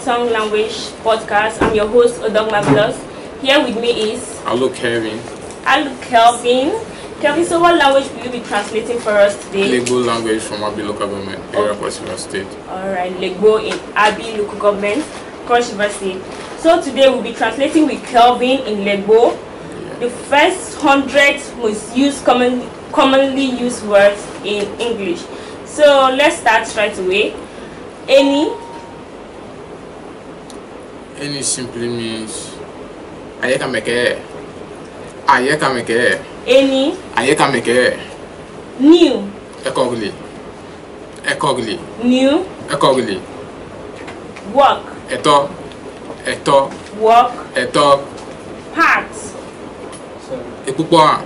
Song Language podcast. I'm your host, Odogma Plus. Here with me is Hello Kevin. Hello Kelvin. Kelvin, so what language will you be translating for us today? Lego language from Abi local government, area okay. State. Alright, Lego in Abi local government, Kwasi State. So today we'll be translating with Kelvin in Lego. Yeah. The first hundred most used common, commonly used words in English. So let's start right away. Any any simply means meke. ayekameke meke. any meke. new ekogli ekogli new ekogli work eto eto work eto part epupo ha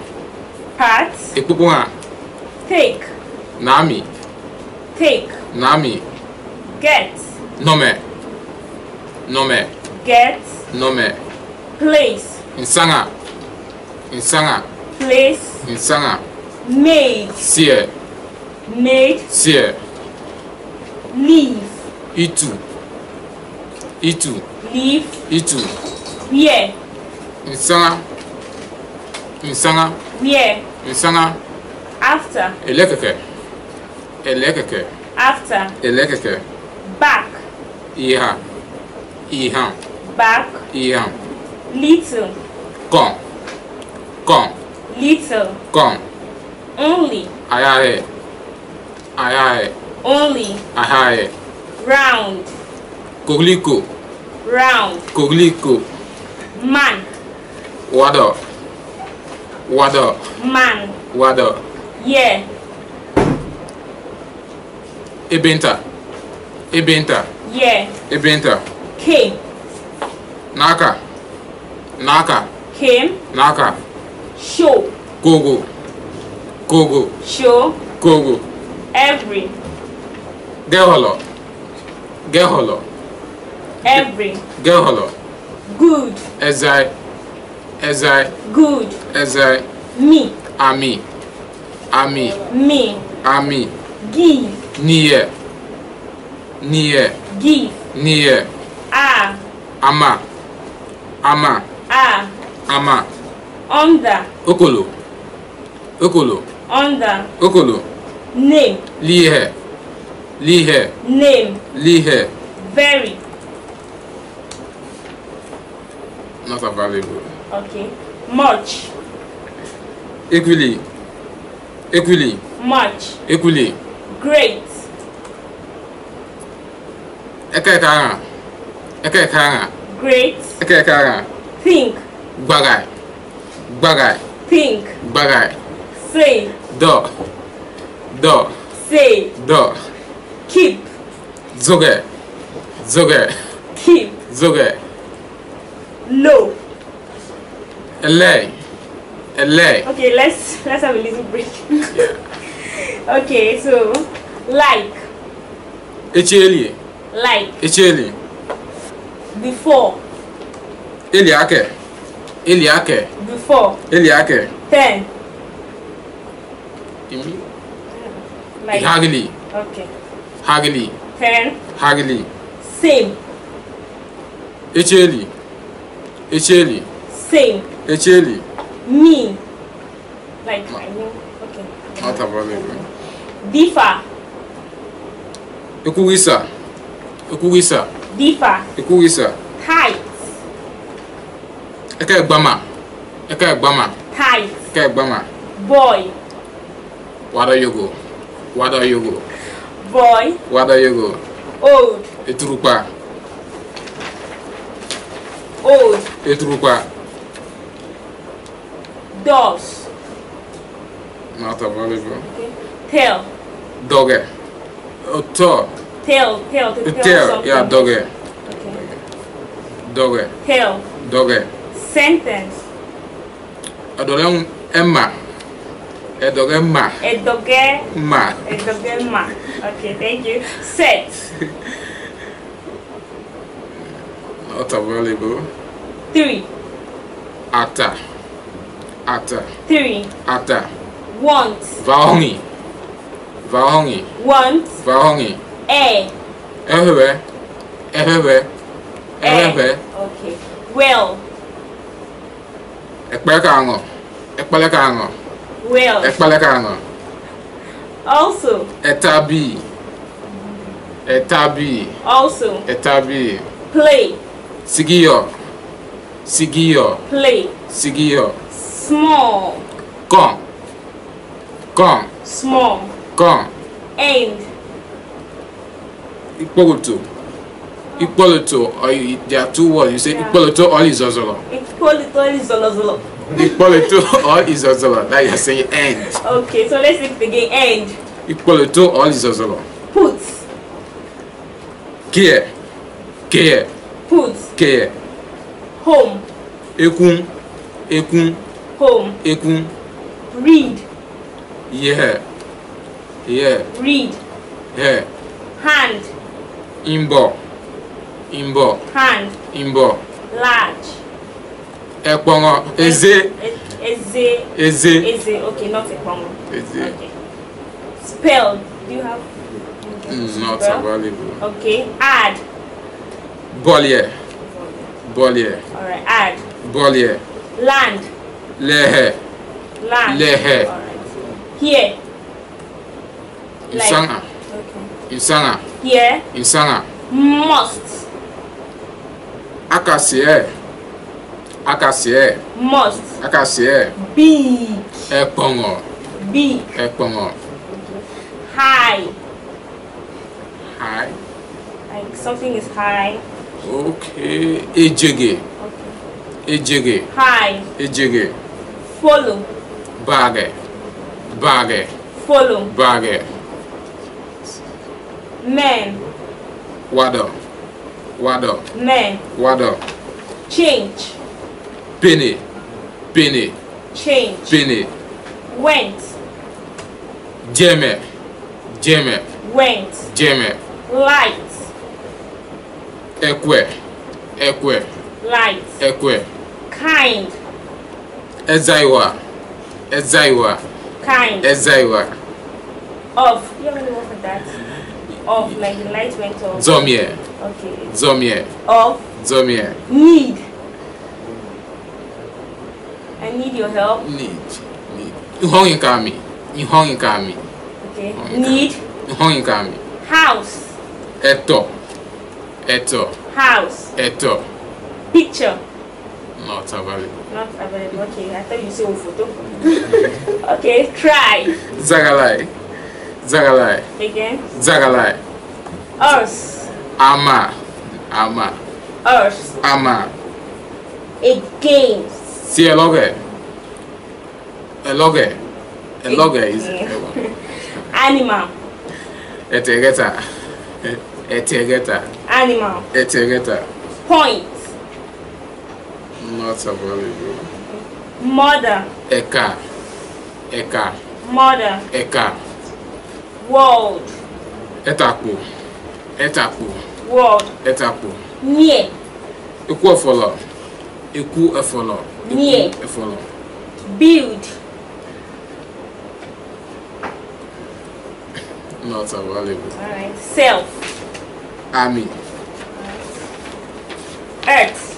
part epupo ha take nami take nami get nome nome Get. Nome. Place. Insanga. Insanga. Place. Insanga. Made. Sie. Made. Sie. Leave. Itu. Itu. Leave. Itu. Where. Insanga. Insanga. Where. Insanga. After. Elekeke. Elekeke. After. Elekeke. Back. Iha. Iha back. Yeah. Little. Come. Come. Little. Come. Only. Aye aye. Aye aye. Only. Aye aye. Round. Kogliko. Round. Kogliko. Man. Wado. Wado. Man. Wado. Yeah. Ebenta. Ebenta. Yeah. Ebenta. K. Naka. Naka. Came. Naka. Show. Gogo. Gogo. Show. Gogo. Every. Geholo. Geholo. Every. Geholo. Good. Ezai. Ezai. Good. Ezai. Me. Ami. Ami. Me. Ami. Give. Niye. Niye. Give. Niye. Ah. Ama. ama a ama okolo okolo okolo name lihe lihe name very not available okay much equally equally much equally great ekeka aha Great. Okay, okay. Think. Bagay. Bagay. Think. Bagay. Say. Do. Do. Say. Do. Keep. Zoge. Zoge. Keep. Zoge. Low. Lay. Lay. Okay, let's let's have a little break. Okay, so like. Echeli. Like. Echeli before. Eliake. Eliake. Before. Eliake. Ten. Imi. Like. Hagili. Okay. Hagili. Ten. Hagili. Same. Echeli. Echeli. Same. Echeli. Me. Like Ma. I mean. Okay. Not a problem. Differ. Ekuwisa. Ekuwisa differ. Ekuwisa. Height. Eka egbama. Eka egbama. Height. Eka egbama. Boy. Wada yogo. Wada yogo. Boy. Wada yogo. Old. Eturupa. Old. Eturupa. Dos. Not available. Okay. Tail. Dogger. Otor. Tail, tail, the tail. Tail, yeah, doge. Okay. Doge. Tail. Doge. Sentence. Adoge un emma. Edoge ma. Edoge ma. Edoge ma. Okay, thank you. Set. Not available. Three. Ata. Ata. Three. Ata. Want. Vaongi. Vaongi. Want. Vaongi. A. Everywhere. Everywhere. A. Everywhere. Okay. Will. Ekpelekango. Ekpelekango. Will. Ekpelekango. Also. Etabi. Etabi. Also. Etabi. Play. Sigiyo. Sigiyo. Play. Sigiyo. Small. Gone. Gone. Small. Gone. End. Ikpoloto. Ikpoloto, or there are two words. You say yeah. Ikpoloto or Izozolo. Ikpoloto or Izozolo. Ikpoloto or Izozolo. Now you're saying end. Okay, so let's take it again. End. Ikpoloto or Izozolo. Put. Care. Care. Put. Care. Home. Ekun. Ekun. Home. Ekun. Read. Yeah. Yeah. Read. Yeah. Hand. Imbo. Imbo. Hand. Imbo. Large. Ekpongo. Eze. Eze. Eze. Eze. Okay, not ekpongo. Eze. Okay. Spell. Do you have? Mm, not available. Okay. Add. Bolier. Bolier. Alright. Add. Bolier. Land. Lehe. Land. Lehe. Alright. Here. Like. Isanga. Okay. Isanga. Yeah. Insana. Must. Akasiye. Akasiye. Must. Akasiye. Big. Ẹ̀pọ̀nwọ̀. Big. Ẹ̀pọ̀nwọ̀. High. High. Like something is high. Okay. Ejege. Okay. Ejege. High. Ejege. Follow. Bagẹ̀. Bagẹ̀. Follow. Bagẹ̀. Men. Wado. Wado. Men. Wado. Change. Penny. Penny. Change. Penny. Went. Jeme. Jeme. Went. Jeme. Light. Ekwe. Ekwe. Light. Ekwe. Kind. Ezaiwa. Ezaiwa. Kind. Ezaiwa. Of. You haven't that. Of enlightenment of. Zomie. Okay. Zomie. Of. Zomie. Need. I need your help. Need. Need. You You in kami. Okay. Need. kami. House. Eto. Eto. House. Eto. Picture. Not available. Not available. Okay, I thought you said photo. okay, try. Zagalai. Zagalai. Again? Zagalai. Us. Ama. Ama. Us. Ama. Again. Sí, el oge. El oge. El oge is. Animal. Etegeta. Etegeta. Animal. Etegeta. Point. Not available. Mother. Eka. Eka. Mother. Eka world. Etapo. Etapo. World. Etapo. Near. Eku efolo. Eku efolo. Near. Efolo. Build. Not available. All right. Self. Ami. Earth.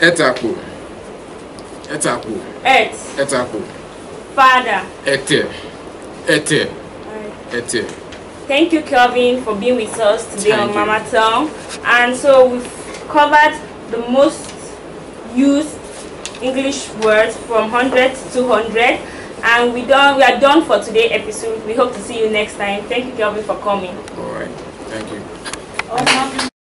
Etapo. Etapo. Earth. Etapo. Father. Ete. Ete. Thank you, Kelvin, for being with us today Thank on Mama Town. And so we've covered the most used English words from 100 to 200. And we done. We are done for today episode. We hope to see you next time. Thank you, Kelvin, for coming. All right. Thank you.